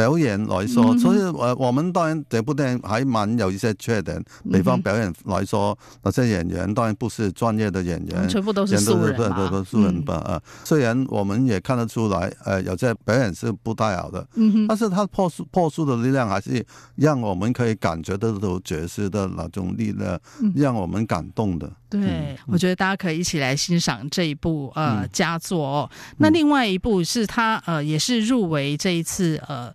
表演來說，所以我我們當然這部電影還蠻有一些缺點。比、嗯、哼方表演來說，那些演員當然不是專業的演員，嗯、全部都是素人吧。雖然我們也看得出來，呃，有些表演是不太好的，嗯、哼但是他破素破素的力量，還是讓我們可以感覺得到角色的那種力量，嗯、讓我們感動的。對、嗯、我覺得大家可以一起來欣賞這一部呃、嗯、佳作、嗯、那另外一部是他呃也是入圍這一次呃。